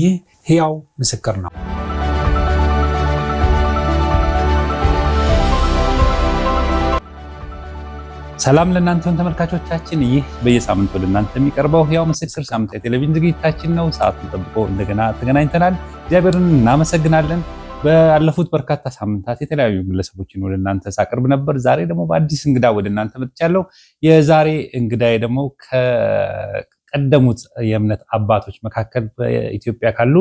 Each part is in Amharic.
ይህ ሕያው ምስክር ነው። ሰላም ለእናንተን ተመልካቾቻችን፣ ይህ በየሳምንቱ ለእናንተ የሚቀርበው ሕያው ምስክር ሳምንታዊ ቴሌቪዥን ዝግጅታችን ነው። ሰዓቱን ጠብቆ እንደገና ተገናኝተናል። እግዚአብሔርን እናመሰግናለን። ባለፉት በርካታ ሳምንታት የተለያዩ ግለሰቦችን ወደ እናንተ ሳቅርብ ነበር። ዛሬ ደግሞ በአዲስ እንግዳ ወደ እናንተ መጥቻለሁ። የዛሬ እንግዳዬ ደግሞ ቀደሙት የእምነት አባቶች መካከል በኢትዮጵያ ካሉ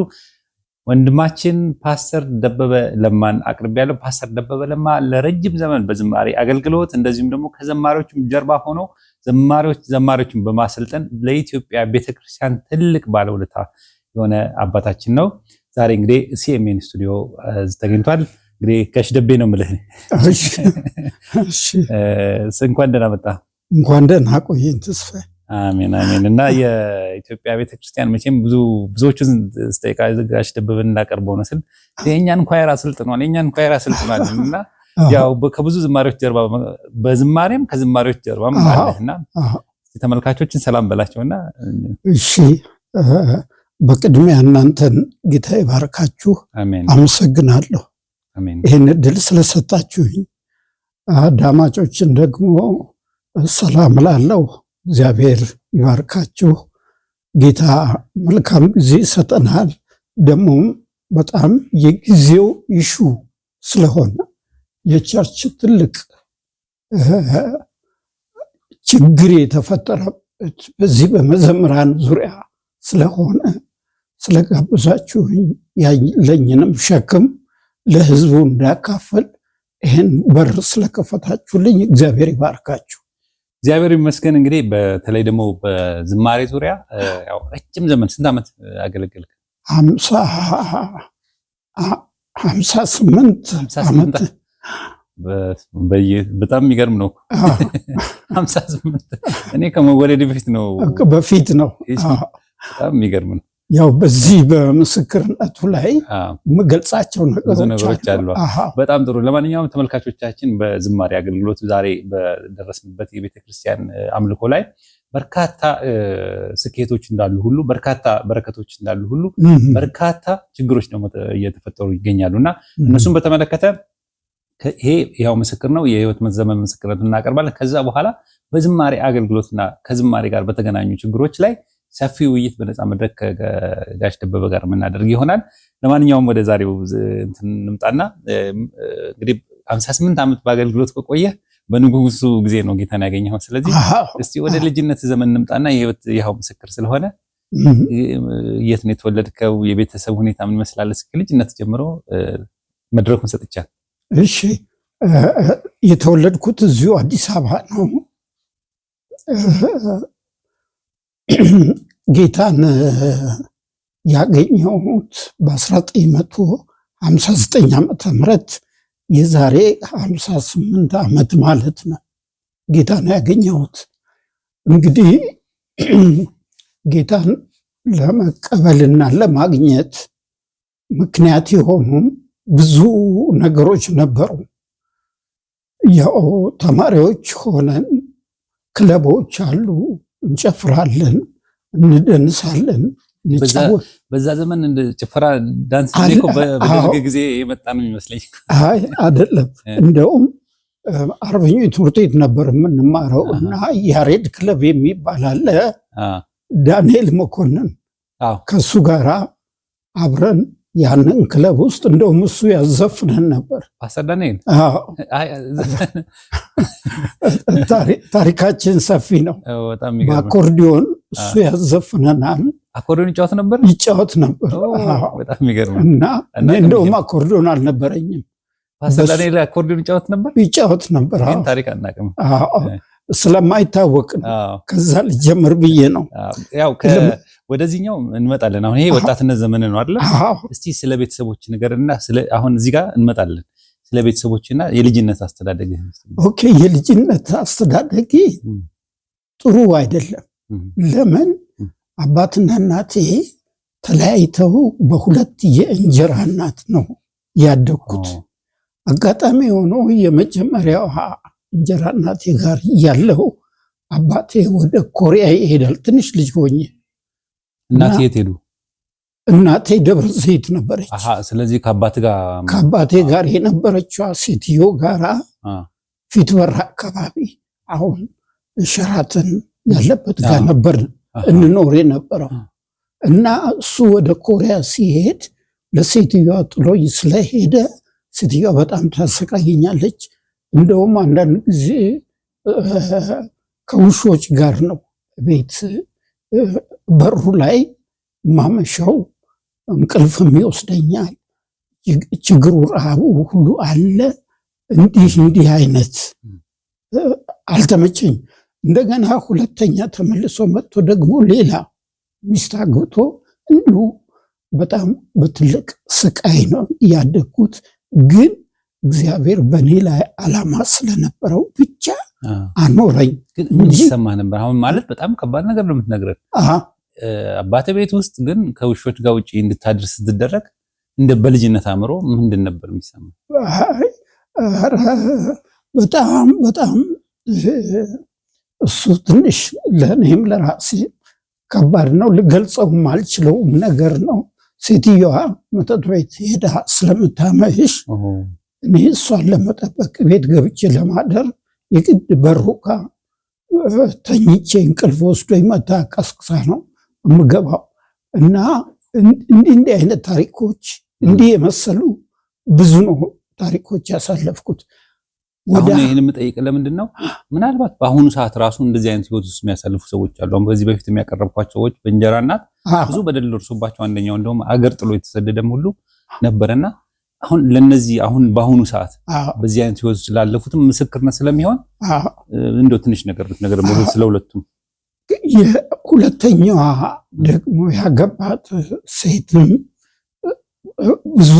ወንድማችን ፓስተር ደበበ ለማን አቅርቤ ያለው። ፓስተር ደበበ ለማ ለረጅም ዘመን በዝማሬ አገልግሎት እንደዚሁም ደግሞ ከዘማሪዎችም ጀርባ ሆኖ ዘማሪዎች ዘማሪዎችን በማሰልጠን ለኢትዮጵያ ቤተክርስቲያን ትልቅ ባለውለታ የሆነ አባታችን ነው። ዛሬ እንግዲህ ሲኤምኤን ስቱዲዮ ተገኝቷል። እንግዲህ ጋሽ ደቤ ነው ምልህ እንኳን ደህና መጣ። እንኳን ደህና ቆየን ተስፋዬ አሜን አሜን። እና የኢትዮጵያ ቤተክርስቲያን መቼም ብዙ ብዙዎቹ ስጠይቃ ጋሽ ደበበን እንዳቀርበው ነው ስል የእኛን ኳየር አሰልጥኗል የእኛን ኳየር አሰልጥኗል። እና ያው ከብዙ ዝማሬዎች ጀርባ በዝማሬም ከዝማሬዎች ጀርባ አለህና ተመልካቾችን ሰላም በላቸውና። እሺ በቅድሚያ እናንተን ጌታ ይባርካችሁ፣ አመሰግናለሁ ይህን እድል ስለሰጣችሁኝ። አዳማጮችን ደግሞ ሰላም ላለው እግዚአብሔር ይባርካችሁ። ጌታ መልካም ጊዜ ይሰጠናል። ደግሞም በጣም የጊዜው ይሹ ስለሆነ የቸርች ትልቅ ችግር የተፈጠረበት በዚህ በመዘምራን ዙሪያ ስለሆነ ስለጋብዛችሁ ያለኝንም ሸክም ለሕዝቡ እንዳካፈል ይህን በር ስለከፈታችሁልኝ እግዚአብሔር ይባርካችሁ። እግዚአብሔር ይመስገን እንግዲህ በተለይ ደግሞ በዝማሬ ዙሪያ ረጅም ዘመን ስንት ዓመት አገለገልክ? ሀምሳ ስምንት ዓመት በጣም የሚገርም ነው። ሀምሳ ስምንት እኔ ከመወለድ በፊት ነው በፊት ነው። በጣም የሚገርም ነው። ያው በዚህ በምስክርነቱ ላይ የምገልጻቸው ነገሮች አሉ። በጣም ጥሩ። ለማንኛውም ተመልካቾቻችን በዝማሬ አገልግሎት ዛሬ በደረስንበት የቤተክርስቲያን አምልኮ ላይ በርካታ ስኬቶች እንዳሉ ሁሉ በርካታ በረከቶች እንዳሉ ሁሉ በርካታ ችግሮች ደግሞ እየተፈጠሩ ይገኛሉ እና እነሱም በተመለከተ ይሄ ያው ምስክር ነው። የህይወት ዘመን ምስክርነት እናቀርባለን። ከዛ በኋላ በዝማሬ አገልግሎትና ከዝማሬ ጋር በተገናኙ ችግሮች ላይ ሰፊ ውይይት በነፃ መድረክ ከጋሽ ደበበ ጋር የምናደርግ ይሆናል። ለማንኛውም ወደ ዛሬው እንምጣና እንግዲህ ሀምሳ ስምንት ዓመት በአገልግሎት ከቆየ በንጉሱ ጊዜ ነው ጌታን ያገኘው። ስለዚህ እስቲ ወደ ልጅነት ዘመን እንምጣና የህይወት ያው ምስክር ስለሆነ የት ነው የተወለድከው? የቤተሰብ ሁኔታ ምን ይመስላል? እስኪ ልጅነት ጀምሮ መድረኩን ሰጥቻል። እሺ የተወለድኩት እዚሁ አዲስ አበባ ነው። ጌታን ያገኘሁት በ1959 ዓመተ ምህረት የዛሬ 58 ዓመት ማለት ነው። ጌታን ያገኘሁት እንግዲህ ጌታን ለመቀበልና ለማግኘት ምክንያት የሆኑ ብዙ ነገሮች ነበሩ። ያው ተማሪዎች ሆነን ክለቦች አሉ፣ እንጨፍራለን፣ እንደንሳለን። በዛ ዘመን እንደ ጭፈራ ዳንስ በደርግ ጊዜ የመጣ ነው የሚመስለኝ። አይ አይደለም፣ እንደውም አርበኞች ትምህርት ቤት ነበር የምንማረው እና ያሬድ ክለብ የሚባል አለ። ዳንኤል መኮንን ከሱ ጋራ አብረን ያንን ክለብ ውስጥ እንደውም እሱ ያዘፍነን ነበር። አሰዳኔን ታሪካችን ሰፊ ነው። በአኮርዲዮን እሱ ያዘፍነናል። አኮርዲዮን ይጫወት ነበር ይጫወት ነበር። እና እንደውም አኮርዲዮን አልነበረኝም። አሰዳኔ ላይ አኮርዲዮን ይጫወት ነበር ይጫወት ነበር። ታሪክ አናውቅም ስለማይታወቅ ነው። ከዛ ልጀምር ብዬ ነው። ወደዚህኛው እንመጣለን። አሁን ይሄ ወጣትነት ዘመን ነው አይደለ? እስቲ ስለ ቤተሰቦች ነገርና አሁን እዚህ ጋር እንመጣለን። ስለ ቤተሰቦችና የልጅነት አስተዳደግ። ኦኬ፣ የልጅነት አስተዳደጌ ጥሩ አይደለም። ለምን አባትና እናቴ ተለያይተው በሁለት የእንጀራ እናት ነው ያደግኩት። አጋጣሚ ሆኖ የመጀመሪያው እንጀራ እናቴ ጋር ያለው አባቴ ወደ ኮሪያ ይሄዳል። ትንሽ ልጅ ሆኜ እናት የት ሄዱ? እናቴ ደብረ ዘይት ነበረች። ስለዚህ ከአባት ጋር ከአባቴ ጋር የነበረችዋ ሴትዮ ጋራ ፊት በር አካባቢ አሁን ሸራተን ያለበት ጋር ነበር እንኖር የነበረው እና እሱ ወደ ኮሪያ ሲሄድ ለሴትዮዋ ጥሎኝ ስለሄደ ሴትዮዋ በጣም ታሰቃየኛለች። እንደውም አንዳንድ ጊዜ ከውሾች ጋር ነው ቤት በሩ ላይ ማመሻው እንቅልፍም ይወስደኛል። ችግሩ ረሃቡ ሁሉ አለ። እንዲህ እንዲህ አይነት አልተመቸኝ። እንደገና ሁለተኛ ተመልሶ መጥቶ ደግሞ ሌላ ሚስት አግብቶ እንዲሁ በጣም በትልቅ ስቃይ ነው ያደግኩት። ግን እግዚአብሔር በእኔ ላይ ዓላማ ስለነበረው ብቻ አኖረኝ። የሚሰማ ነበር። አሁን ማለት በጣም ከባድ ነገር ነው የምትነግረን። አባተ ቤት ውስጥ ግን ከውሾች ጋር ውጭ እንድታድር ስትደረግ እንደ በልጅነት አእምሮ ምንድን ነበር የሚሰማ? በጣም በጣም እሱ ትንሽ ለእኔም ለራሴ ከባድ ነው፣ ልገልጸውም አልችለውም ነገር ነው። ሴትዮዋ መጠጥ ቤት ሄዳ ስለምታመሽ እኔ እሷን ለመጠበቅ ቤት ገብቼ ለማደር የግድ በሩ ጋር ተኝቼ እንቅልፍ ወስዶ ይመታ ቀስቅሳ ነው የምገባው እና እንዲህ አይነት ታሪኮች እንዲህ የመሰሉ ብዙ ነው ታሪኮች ያሳለፍኩት። አሁን ይህን የምጠይቅ ለምንድን ነው? ምናልባት በአሁኑ ሰዓት ራሱ እንደዚህ አይነት ህይወት ውስጥ የሚያሳልፉ ሰዎች አሉ። አሁን በዚህ በፊት የሚያቀረብኳቸው ሰዎች በእንጀራ እናት ብዙ በደል ደርሶባቸው አንደኛው እንደውም አገር ጥሎ የተሰደደም ሁሉ ነበረና አሁን ለነዚህ አሁን በአሁኑ ሰዓት በዚህ አይነት ህይወት ስላለፉትም ምስክርነት ስለሚሆን እንደው ትንሽ ነገር ነገር ደግሞ ስለሁለቱም ሁለተኛዋ ደግሞ ያገባት ሴትም ብዙ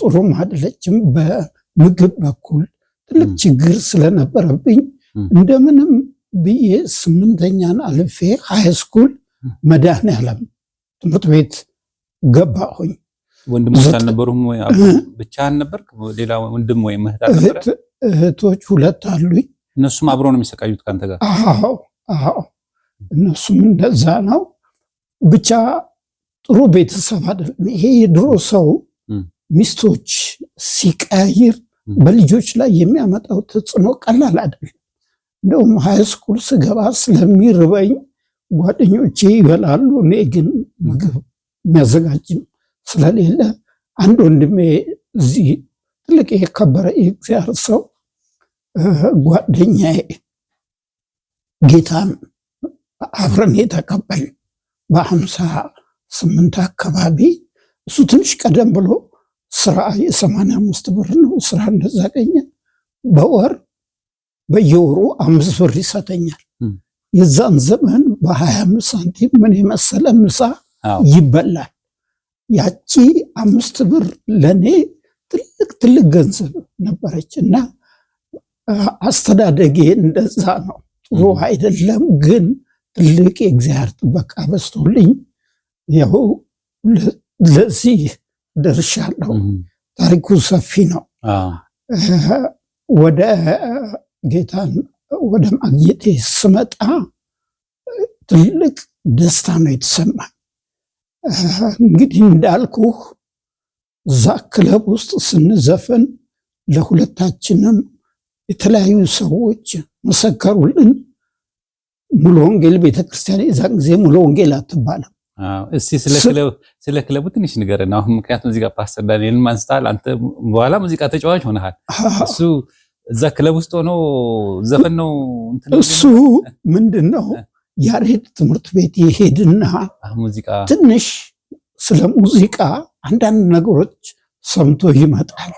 ጥሩ አይደለችም። በምግብ በኩል ትልቅ ችግር ስለነበረብኝ እንደምንም ብዬ ስምንተኛን አልፌ ሃይስኩል መድኃኔዓለም ትምህርት ቤት ገባሁኝ። ወንድሞች አልነበሩም? ብቻ አልነበርክ? ሌላ ወንድም ወይም እህት አልነበረ? እህቶች ሁለት አሉኝ። እነሱም አብረው ነው የሚሰቃዩት ከአንተ ጋር? አዎ አዎ፣ እነሱም እንደዛ ነው። ብቻ ጥሩ ቤተሰብ አይደለም። ይሄ የድሮ ሰው ሚስቶች ሲቀያይር በልጆች ላይ የሚያመጣው ተጽዕኖ ቀላል አይደለም። እንደውም ሃይስኩል ስገባ ስለሚርበኝ ጓደኞቼ ይበላሉ፣ እኔ ግን ምግብ የሚያዘጋጅ ስለሌለ አንድ ወንድሜ እዚህ ትልቅ የከበረ የእግዚአብሔር ሰው ጓደኛዬ ጌታን አብረን የተቀበል በሀምሳ ስምንት አካባቢ እሱ ትንሽ ቀደም ብሎ ስራ የሰማንያ አምስት ብር ነው ስራ እንደዛ ገኘ በወር በየወሩ አምስት ብር ይሰጠኛል። የዛን ዘመን በሀያ አምስት ሳንቲም ምን የመሰለ ምሳ ይበላል። ያቺ አምስት ብር ለእኔ ትልቅ ትልቅ ገንዘብ ነበረች እና አስተዳደጌ እንደዛ ነው። ጥሩ አይደለም ግን ትልቅ የእግዚአብሔር ጥበቃ በስቶልኝ ያው ለዚህ ደርሻለሁ። ታሪኩ ሰፊ ነው። ወደ ጌታን ወደ ማግኘቴ ስመጣ ትልቅ ደስታ ነው የተሰማኝ። እንግዲህ እንዳልኩህ እዛ ክለብ ውስጥ ስንዘፈን ለሁለታችንም የተለያዩ ሰዎች መሰከሩልን። ሙሉ ወንጌል ቤተክርስቲያን የዛን ጊዜ ሙሉ ወንጌል አትባልም። እስቲ ስለ ክለቡ ትንሽ ንገረን አሁን። ምክንያቱም እዚህ ጋር ፓስተር ዳንኤል አንስታል። አንተ በኋላ ሙዚቃ ተጫዋች ሆነሃል። እሱ እዛ ክለብ ውስጥ ሆኖ ዘፈን ነው። እሱ ምንድን ነው ያሬድ ትምህርት ቤት የሄድና ትንሽ ስለ ሙዚቃ አንዳንድ ነገሮች ሰምቶ ይመጣል።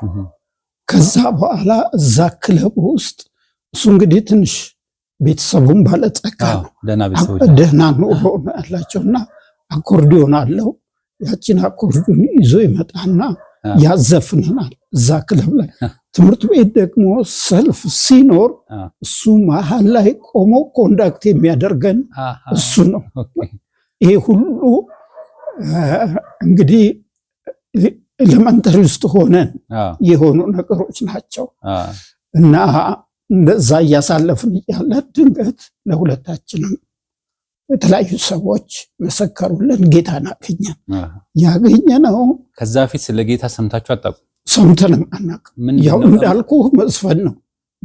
ከዛ በኋላ እዛ ክለብ ውስጥ እሱ እንግዲህ ትንሽ ቤተሰቡን ባለጸጋ ነው፣ ደህና ኑሮ ያላቸውና አኮርዲዮን አለው። ያችን አኮርዲዮን ይዞ ይመጣና ያዘፍንናል እዛ ክለብ ላይ ትምህርት ቤት ደግሞ ሰልፍ ሲኖር እሱ መሀል ላይ ቆሞ ኮንዳክት የሚያደርገን እሱ ነው። ይሄ ሁሉ እንግዲህ ኤሌመንተሪ ውስጥ ሆነን የሆኑ ነገሮች ናቸው እና እንደዛ እያሳለፍን እያለ ድንገት ለሁለታችንም የተለያዩ ሰዎች መሰከሩልን። ጌታን አገኘን። ያገኘ ነው። ከዛ በፊት ስለ ጌታ ሰምታችሁ አታውቁም? ሰምተንም አናውቅም። ያው እንዳልኩ መስፈን ነው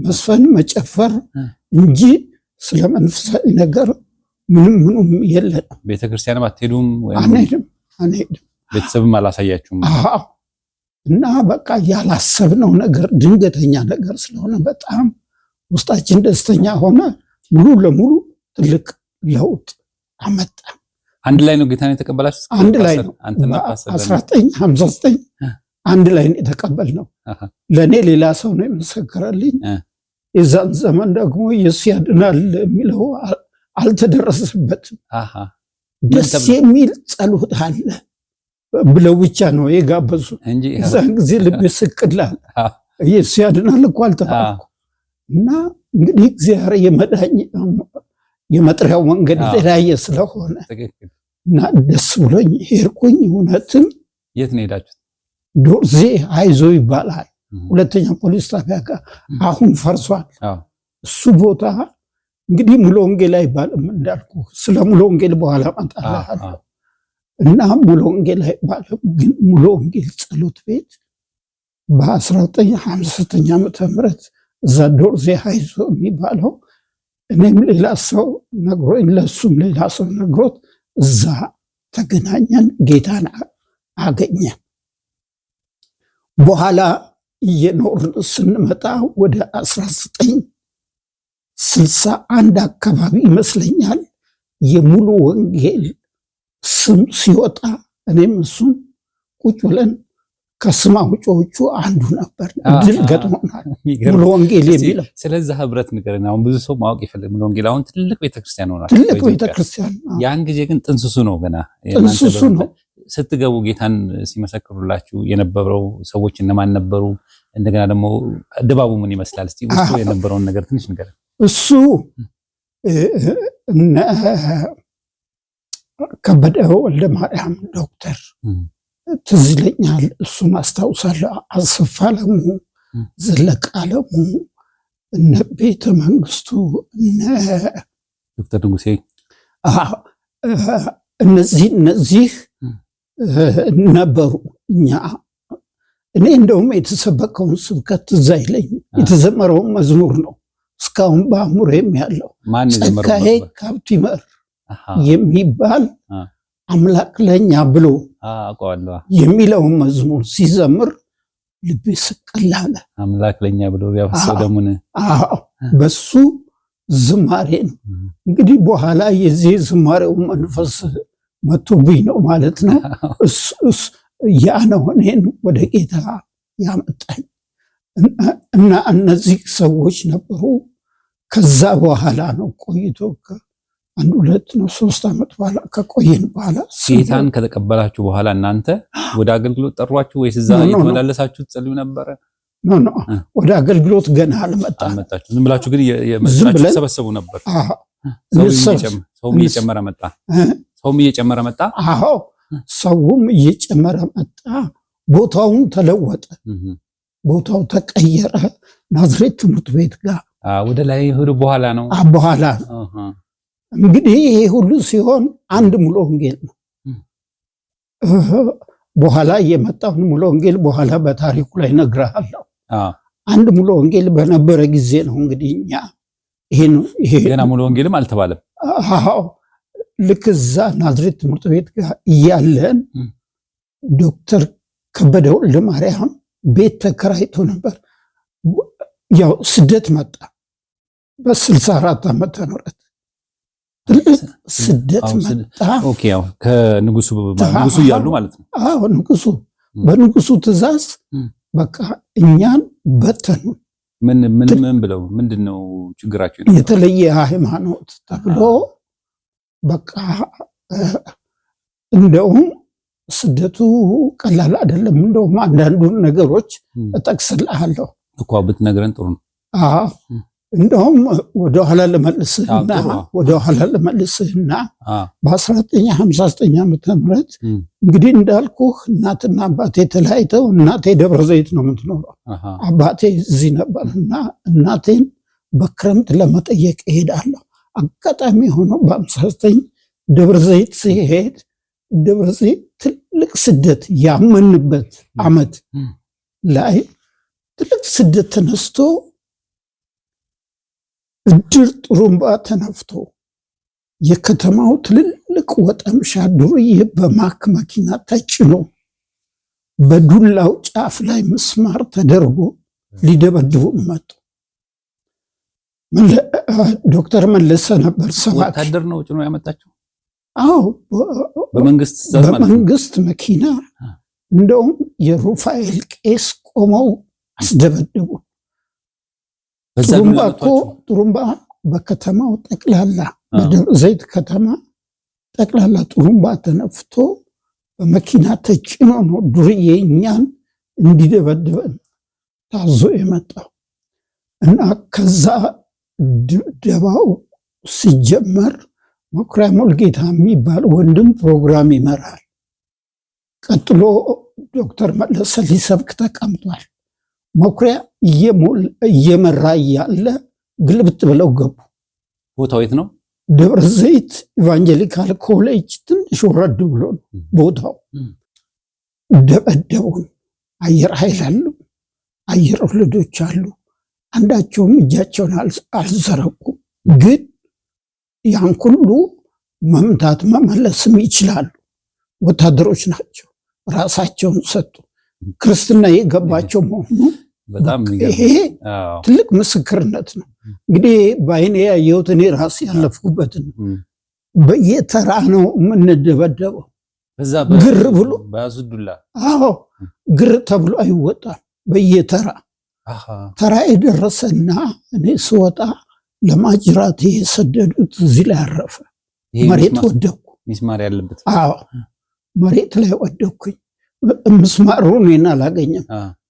መስፈን መጨፈር እንጂ ስለ መንፈሳዊ ነገር ምንም ምኑም የለን። ቤተክርስቲያንም አትሄዱም? አንሄድም፣ አንሄድም። ቤተሰብም አላሳያችሁም? አዎ። እና በቃ ያላሰብነው ነገር ድንገተኛ ነገር ስለሆነ በጣም ውስጣችን ደስተኛ ሆነ። ሙሉ ለሙሉ ትልቅ ለውጥ አመጣ። አንድ ላይ ነው ጌታን የተቀበላችሁ? አንድ ላይ ነው። አስራ ዘጠኝ ሀምሳ ዘጠኝ አንድ ላይ የተቀበል ነው። ለእኔ ሌላ ሰው ነው የመሰከረልኝ። የዛን ዘመን ደግሞ ኢየሱስ ያድናል የሚለው አልተደረሰበትም። ደስ የሚል ጸሎት አለ ብለው ብቻ ነው የጋበዙ። እዛን ጊዜ ልቤ ስቅላል። ኢየሱስ ያድናል እኮ አልተባልኩ እና እንግዲህ እግዚአብሔር የመዳኝ የመጥሪያው መንገድ የተለያየ ስለሆነ እና ደስ ብሎኝ ሄድኩኝ። እውነትም የት ነው ሄዳችሁት? ዶርዜ አይዞ ይባላል። ሁለተኛ ፖሊስ ጣቢያ ጋር አሁን ፈርሷል። እሱ ቦታ እንግዲህ ሙሉ ወንጌል አይባልም እንዳልኩ፣ ስለ ሙሉ ወንጌል በኋላ እመጣለሁ እና ሙሉ ወንጌል አይባልም ግን ሙሉ ወንጌል ጸሎት ቤት በ1959 ዓመተ ምህረት እዛ ዶርዜ አይዞ የሚባለው እኔም ሌላ ሰው ነግሮኝ ለሱም ሌላ ሰው ነግሮት እዛ ተገናኘን፣ ጌታን አገኘን። በኋላ እየኖርን ስንመጣ ወደ 19 አንድ አካባቢ ይመስለኛል የሙሉ ወንጌል ስም ሲወጣ እኔም እሱም ቁጭ ብለን ከስም አውጪዎቹ አንዱ ነበር። ድል ገጥሞናል። ሙሉ ወንጌል የሚለው ስለዚህ ህብረት ንገረን። አሁን ብዙ ሰው ማወቅ ይፈልግ። ሙሉ ወንጌል አሁን ትልቅ ቤተክርስቲያን ሆናል። ትልቅ ቤተክርስቲያን። ያን ጊዜ ግን ጥንስሱ ነው ገና ጥንስሱ ነው። ስትገቡ ጌታን ሲመሰክሩላችሁ የነበረው ሰዎች እነማን ነበሩ? እንደገና ደግሞ ድባቡ ምን ይመስላል? እስቲ ውስጡ የነበረውን ነገር ትንሽ ንገረን። እሱ ከበደ ወልደ ማርያም ዶክተር ትዝ ይለኛል። እሱን አስታውሳለሁ። አሰፋ አለሙ፣ ዘለቀ አለሙ፣ እነ ቤተ መንግስቱ፣ እነ ዶክተር ንጉሴ እነዚህ እነዚህ ነበሩ። እኛ እኔ እንደውም የተሰበከውን ስብከት እዛ ይለኝ የተዘመረውን መዝሙር ነው እስካሁን በአእምሮዬም ያለው። ጸጋዬ መር የሚባል አምላክ ለእኛ ብሎ የሚለውን መዝሙር ሲዘምር ልቤ ስቅል አለ። አምላክ ለእኛ ብሎ ቢያፈሰው ደሙን በሱ ዝማሬን እንግዲህ በኋላ የዚህ ዝማሬው መንፈስ መቶብኝ ነው ማለት ነው። እሱስ ያ ነው እኔን ወደ ጌታ ያመጣኝ እና እነዚህ ሰዎች ነበሩ። ከዛ በኋላ ነው ቆይቶ አንድ ሁለት ነው ሶስት ዓመት በኋላ ከቆየን በኋላ ጌታን ከተቀበላችሁ በኋላ እናንተ ወደ አገልግሎት ጠሯችሁ ወይስ እዛ የተመላለሳችሁ ትጸልዩ ነበረ? ኖ ኖ ወደ አገልግሎት ገና አልመጣም። ዝም ብላችሁ ግን የመጣችሁ ተሰበሰቡ ነበር። ሰው እየጨመረ መጣ። ሰውም እየጨመረ መጣ። አዎ ሰውም እየጨመረ መጣ። ቦታውን ተለወጠ። ቦታው ተቀየረ። ናዝሬት ትምህርት ቤት ጋር ወደ ላይ ሄዶ በኋላ ነው በኋላ እንግዲህ ይሄ ሁሉ ሲሆን አንድ ሙሉ ወንጌል ነው። በኋላ የመጣውን ሙሉ ወንጌል በኋላ በታሪኩ ላይ እነግርሃለሁ። አንድ ሙሉ ወንጌል በነበረ ጊዜ ነው እንግዲህ እኛ ይሄ ገና ሙሉ ወንጌልም አልተባለም። አዎ ልክ እዛ ናዝሬት ትምህርት ቤት ጋር እያለን ዶክተር ከበደ ወልደ ማርያም ቤት ተከራይቶ ነበር። ያው ስደት መጣ በስልሳ አራት ዓመተ ምህረት ስደት መጣ። ከንጉሱ ንጉሱ እያሉ ማለት ነው። አዎ ንጉሱ በንጉሱ ትእዛዝ በቃ እኛን በተኑ። ምን ምን ምን ብለው ምንድን ነው ችግራቸው የተለየ ሃይማኖት ተብሎ በቃ እንደውም ስደቱ ቀላል አይደለም። እንደውም አንዳንዱን ነገሮች እጠቅስልሃለሁ እኮ ብትነግረን ጥሩ ነው። እንደውም ወደኋላ ለመልስህና ወደኋላ ለመልስህና በ1959 ዓመተ ምህረት እንግዲህ እንዳልኩህ እናትና አባቴ ተለያይተው እናቴ ደብረ ዘይት ነው የምትኖረው፣ አባቴ እዚህ ነበር እና እናቴን በክረምት ለመጠየቅ እሄዳለሁ አጋጣሚ ሆኖ በአምሳ ዘጠኝ ደብረ ዘይት ሲሄድ ደብረ ዘይት ትልቅ ስደት ያመንበት አመት ላይ ትልቅ ስደት ተነስቶ እድር ጥሩምባ ተነፍቶ የከተማው ትልልቅ ወጠምሻ ዱርዬ በማክ መኪና ተጭኖ በዱላው ጫፍ ላይ ምስማር ተደርጎ ሊደበድቡ መጡ። ዶክተር መለሰ ነበር ሰማት። ወታደር ነው ጭኖ ያመጣቸው? አዎ፣ በመንግስት መኪና። እንደውም የሩፋኤል ቄስ ቆመው አስደበድቡ። ጥሩምባ እኮ ጥሩምባ በከተማው ጠቅላላ በደብረ ዘይት ከተማ ጠቅላላ ጥሩምባ ተነፍቶ በመኪና ተጭኖ ነው ዱርዬ እኛን እንዲደበድበን ታዞ የመጣው እና ከዛ ድብደባው ሲጀመር መኩሪያ ሙልጌታ የሚባል ወንድም ፕሮግራም ይመራል። ቀጥሎ ዶክተር መለሰ ሊሰብክ ተቀምጧል። መኩሪያ እየመራ እያለ ግልብጥ ብለው ገቡ። ቦታው የት ነው? ደብረ ዘይት ኢቫንጀሊካል ኮሌጅ ትንሽ ወረድ ብሎ ቦታው። ደበደቡን። አየር ኃይል አሉ፣ አየር ወለዶች አሉ አንዳቸውም እጃቸውን አልዘረጉም። ግን ያን ሁሉ መምታት መመለስም ይችላሉ። ወታደሮች ናቸው። ራሳቸውን ሰጡ። ክርስትና የገባቸው መሆኑ ይሄ ትልቅ ምስክርነት ነው። እንግዲህ በአይኔ ያየሁት እኔ ራሴ ያለፍኩበት ነው። በየተራ ነው የምንደበደበው። ግር ብሎ አዎ፣ ግር ተብሎ አይወጣም በየተራ ተራ የደረሰና እኔ ስወጣ ለማጅራት የሰደዱት እዚህ ላይ አረፈ። መሬት ወደኩ። ሚስማር ያለበት አዎ፣ መሬት ላይ ወደኩኝ። ምስማሩ እኔን አላገኘም።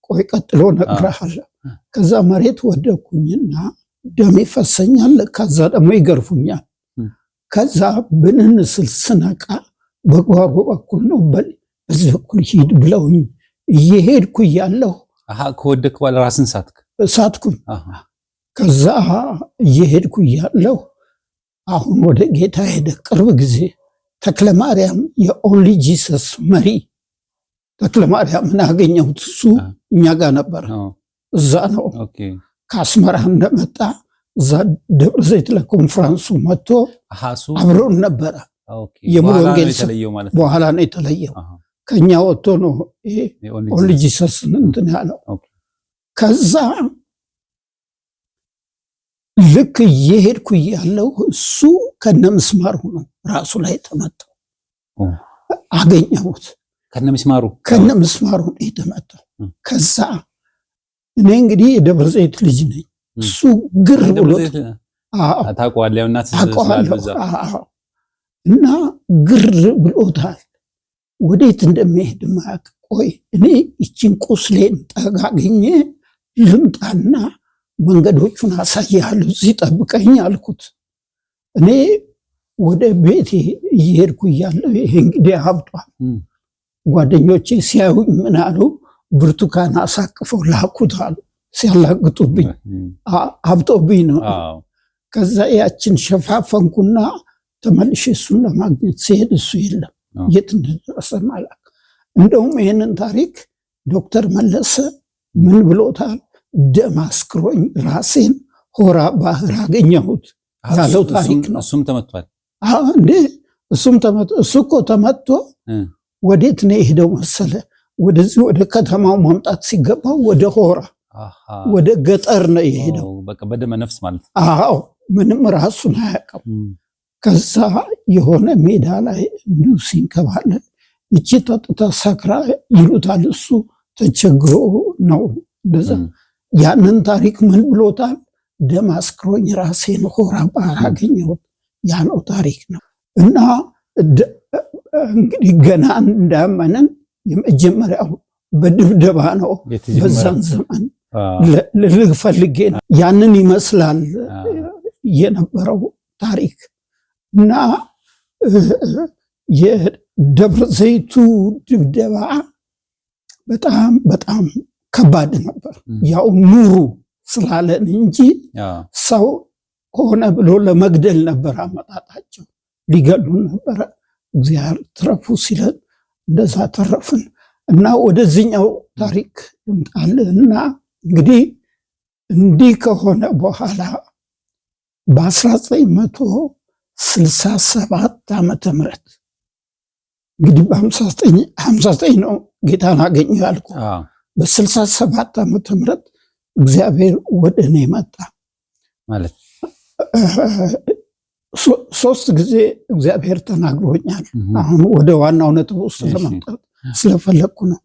ቆይ ቀጥሎ እነግርሃለሁ። ከዛ መሬት ወደኩኝና ደም ይፈሰኛል። ከዛ ደግሞ ይገርፉኛል። ከዛ ብንን ስል ስነቃ በጓሮ በኩል ነው በል በዚህ በኩል ሂድ ብለውኝ እየሄድኩ እያለሁ ከወደክ በኋላ ራስን ሳትክ? ሳትኩኝ። ከዛ እየሄድኩ እያለሁ አሁን ወደ ጌታ ሄደ። ቅርብ ጊዜ ተክለ ማርያም የኦንሊ ጂሰስ መሪ ተክለ ማርያምን አገኘሁት። እሱ እኛ ጋር ነበር። እዛ ነው ከአስመራ እንደመጣ እዛ ደብረ ዘይት ለኮንፈረንሱ መጥቶ አብሮን ነበረ። የሙሉ ወንጌል በኋላ ነው የተለየው። ከኛ ወጥቶ ነው ኦንሊ ጂሰስን እንትን ያለው። ከዛ ልክ እየሄድኩ እያለው እሱ ከነምስማር ሆኖ ራሱ ላይ ተመታው። አገኘሁት ከነምስማሩ ከነምስማሩ የተመታው። ከዛ እኔ እንግዲህ የደብረ ዘይት ልጅ ነኝ። እሱ ግር ብሎት ታውቀዋለህ እና ግር ብሎታል ወዴት እንደሚሄድ ማያቅ ቆይ እኔ ይችን ቁስሌን ጠጋግኜ ልምጣና መንገዶቹን አሳያሉ እዚህ ጠብቀኝ አልኩት። እኔ ወደ ቤቴ እየሄድኩ እያለ ይሄ እንግዲህ አብጧል። ጓደኞቼ ሲያዩኝ ምን አሉ? ብርቱካን አሳቅፈው ላኩት አሉ። ሲያላግጡብኝ አብጦብኝ ነው። ከዛ ያችን ሸፋፈንኩና ተመልሼ እሱን ለማግኘት ሲሄድ እሱ የለም። የት እንደደረሰ ማለት እንደውም ይህንን ታሪክ ዶክተር መለሰ ምን ብሎታል? ደም አስክሮኝ ራሴን ሆራ ባህር አገኘሁት ያለው ታሪክ ነው። እሱም ተመቷል እንዴ? እሱም ተመቶ እሱ እኮ ተመቶ ወዴት ነው የሄደው መሰለ? ወደዚህ ወደ ከተማው መምጣት ሲገባው ወደ ሆራ ወደ ገጠር ነው የሄደው። በደመ ነፍስ ማለት አዎ፣ ምንም ራሱን አያውቅም። ከዛ የሆነ ሜዳ ላይ እንዲሁ ሲንከባለን እቺ ጠጥታ ሰክራ ይሉታል። እሱ ተቸግሮ ነው እንደዛ። ያንን ታሪክ ምን ብሎታል? ደም አስክሮኝ ራሴን ሆራ ባር አገኘሁት። ያ ነው ታሪክ ነው። እና እንግዲህ ገና እንዳመንን የመጀመሪያው በድብደባ ነው። በዛን ዘመን ልልህ ፈልጌ ያንን ይመስላል የነበረው ታሪክ እና የደብረ ዘይቱ ድብደባ በጣም በጣም ከባድ ነበር። ያው ኑሩ ስላለን እንጂ ሰው ሆነ ብሎ ለመግደል ነበር አመጣጣቸው፣ ሊገሉን ነበረ። እግዚአብሔር ትረፉ ሲለን እንደዛ ተረፍን እና ወደዚኛው ታሪክ እና እንግዲህ እንዲህ ከሆነ በኋላ በአስራ ዘጠኝ መቶ ስልሳ ሰባት ዓመተ ምህረት እንግዲህ በሀምሳ ዘጠኝ ነው ጌታን አገኘ ያልኩ። በስልሳ ሰባት ዓመተ ምህረት እግዚአብሔር ወደ እኔ መጣ ማለት ሶስት ጊዜ እግዚአብሔር ተናግሮኛል። አሁን ወደ ዋናው ነጥብ ውስጥ ለመምጣት ስለፈለግኩ ነው።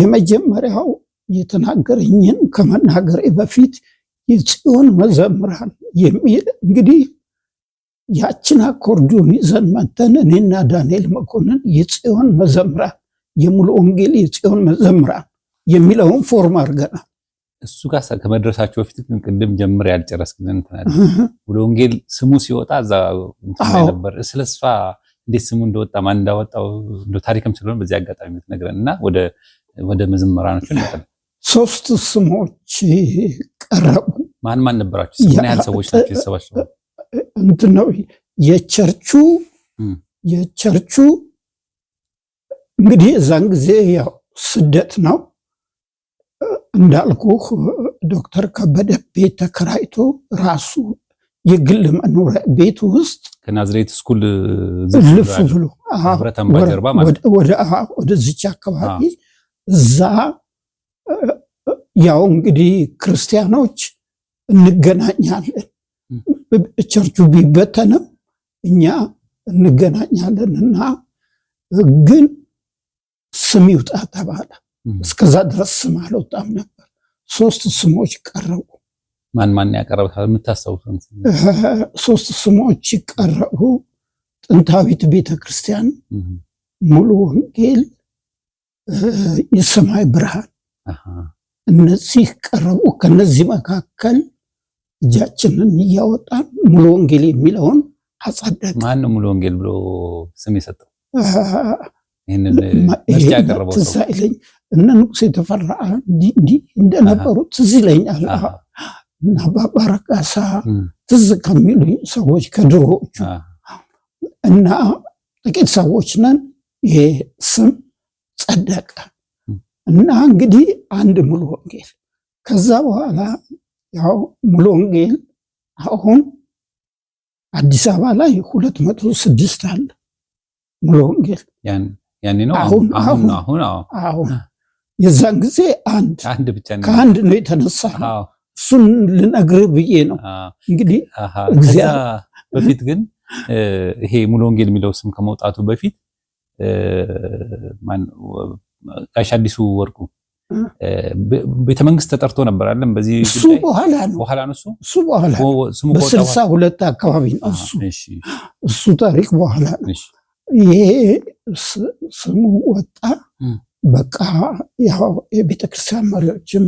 የመጀመሪያው የተናገረኝን ከመናገሬ በፊት የጽዮን መዘምራን የሚል እንግዲህ ያችን አኮርዲዮን ይዘን መተን እኔና ዳንኤል መኮንን የጽዮን መዘምራን የሙሉ ወንጌል የጽዮን መዘምራን የሚለውን ፎርም አድርገናል። እሱ ጋር ከመድረሳቸው በፊት ግን ቅድም ጀምር ያልጨረስክልን ሙሉ ወንጌል ስሙ ሲወጣ እዛ ነበር። ስለ ስፋ እንዴት ስሙ እንደወጣ ማን እንዳወጣው እንደ ታሪክም ስለሆነ በዚህ አጋጣሚ ትነግረን እና ወደ መዘምራኖቹ ነበር። ሶስት ስሞች ቀረቡ። ማን ማን ነበራቸው? ምን ያህል ሰዎች ናቸው የተሰባሰቡ? ምንድን ነው የቸርቹ የቸርቹ እንግዲህ እዛን ጊዜ ያው ስደት ነው እንዳልኩ ዶክተር ከበደ ቤት ተከራይቶ ራሱ የግል መኖሪያ ቤት ውስጥ ከናዝሬት ስኩል ልፍ ብሎ ወደዚች አካባቢ እዛ ያው እንግዲህ ክርስቲያኖች እንገናኛለን ቸርቹ ቢበተንም እኛ እንገናኛለን እና ግን ስም ይውጣ ተባለ። እስከዛ ድረስ ስም አልወጣም ነበር። ሶስት ስሞች ቀረቡ። ማን ማን ያቀረበ ሶስት ስሞች ቀረቡ። ጥንታዊት ቤተክርስቲያን፣ ሙሉ ወንጌል፣ የሰማይ ብርሃን እነዚህ ቀረቡ። ከነዚህ መካከል እጃችንን እያወጣን ሙሉ ወንጌል የሚለውን አጸደቅ። ማን ሙሉ ወንጌል ብሎ ስም የሰጠው? ትዝ አይለኝ እነ ንጉሥ የተፈራ እንዲህ እንደነበሩ ትዝ ይለኛል። እና አባ ረጋሳ ትዝ ከሚሉኝ ሰዎች ከድሮዎቹ እና ጥቂት ሰዎች ነን። ይሄ ስም ጸደቀ እና እንግዲህ አንድ ሙሉ ወንጌል ከዛ በኋላ ያው ሙሉ ወንጌል አሁን አዲስ አበባ ላይ ሁለት መቶ ስድስት አለ ሙሉ ወንጌል አሁን አሁን የዛን ጊዜ አንድ አንድ ከአንድ ነው የተነሳ ነው። እሱን ልነግር ብዬ ነው እንግዲህ በፊት ግን ይሄ ሙሉ ወንጌል የሚለው ስም ከመውጣቱ በፊት ጋሽ አዲሱ ወርቁ ቤተ መንግስት ተጠርቶ ነበር አለም። በዚህ እሱ በኋላ ነው በኋላ ነው እሱ በኋላ በስልሳ ሁለት አካባቢ ነው እሱ እሱ ታሪክ በኋላ ነው። ይሄ ስሙ ወጣ። በቃ ያው የቤተ ክርስቲያን መሪዎችም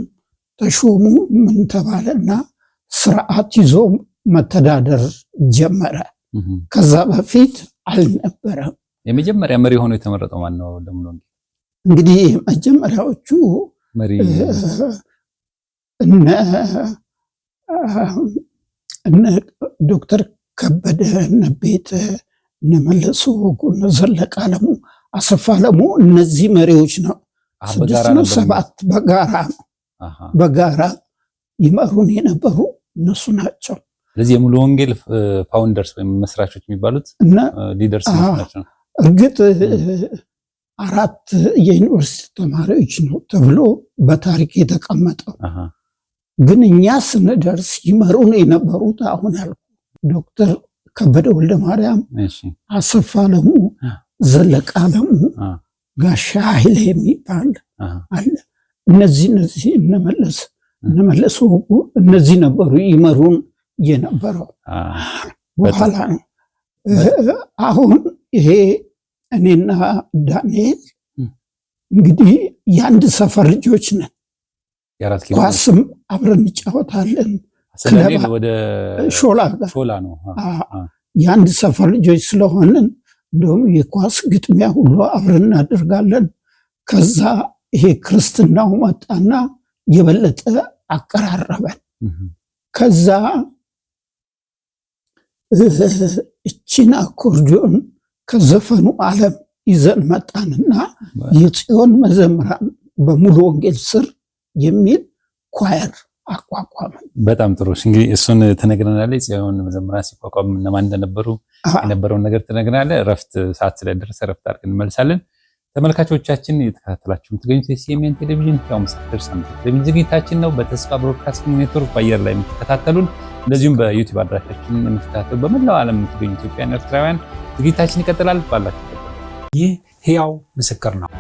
ተሾሙ። ምን ተባለና ስርዓት ይዞ መተዳደር ጀመረ። ከዛ በፊት አልነበረም። የመጀመሪያ መሪ ሆኖ የተመረጠው ማነው? እንግዲህ መጀመሪያዎቹ እነ ዶክተር ከበደ እነ ቤተ እነ መለሱ እነ ዘለቀ አለሙ፣ አሰፋ አለሙ እነዚህ መሪዎች ነው። ስድስት ነው ሰባት በጋራ በጋራ ይመሩን የነበሩ እነሱ ናቸው። ስለዚህ የሙሉ ወንጌል ፋውንደርስ ወይም መስራቾች የሚባሉት እና ሊደርስ ናቸው። እርግጥ አራት የዩኒቨርሲቲ ተማሪዎች ነው ተብሎ በታሪክ የተቀመጠው። ግን እኛ ስንደርስ ይመሩን የነበሩት አሁን ያልኩ ዶክተር ከበደ ወልደ ማርያም፣ አሰፋ አለሙ፣ ዘለቀ አለሙ፣ ጋሻ ኃይሌ የሚባል አለ። እነዚህ እነዚህ እነመለስ እነመለስ እነዚህ ነበሩ ይመሩን የነበረው በኋላ ነው አሁን ይሄ እኔና ዳንኤል እንግዲህ የአንድ ሰፈር ልጆች ነን። ኳስም አብረን እንጫወታለን። ሾላ የአንድ ሰፈር ልጆች ስለሆንን እንደውም የኳስ ግጥሚያ ሁሉ አብረን እናደርጋለን። ከዛ ይሄ ክርስትናው መጣና የበለጠ አቀራረበን። ከዛ እቺን አኮርዲዮን ከዘፈኑ ዓለም ይዘን መጣንና የጽዮን መዘምራን በሙሉ ወንጌል ስር የሚል ኳየር አቋቋመ። በጣም ጥሩ። እንግዲህ እሱን ትነግረናለህ። ጽዮን መዘምራን ሲቋቋም እነማን እንደነበሩ የነበረውን ነገር ትነግረናለህ። እረፍት ሰዓት ስለደረሰ እረፍት አድርገን እንመልሳለን። ተመልካቾቻችን እየተከታተላችሁ የምትገኙት የሲኤምኤን ቴሌቪዥን ያው ምስክር ሳምንት ቴሌቪዥን ዝግጅታችን ነው። በተስፋ ብሮድካስቲንግ ኔትወርክ በአየር ላይ የምትከታተሉን እንደዚሁም በዩቲዩብ አድራሻችን የምትከታተሉ በመላው ዓለም የምትገኙ ኢትዮጵያውያን ኤርትራውያን ዝግጅታችን ይቀጥላል። ባላችሁ ይህ ህያው ምስክር ነው።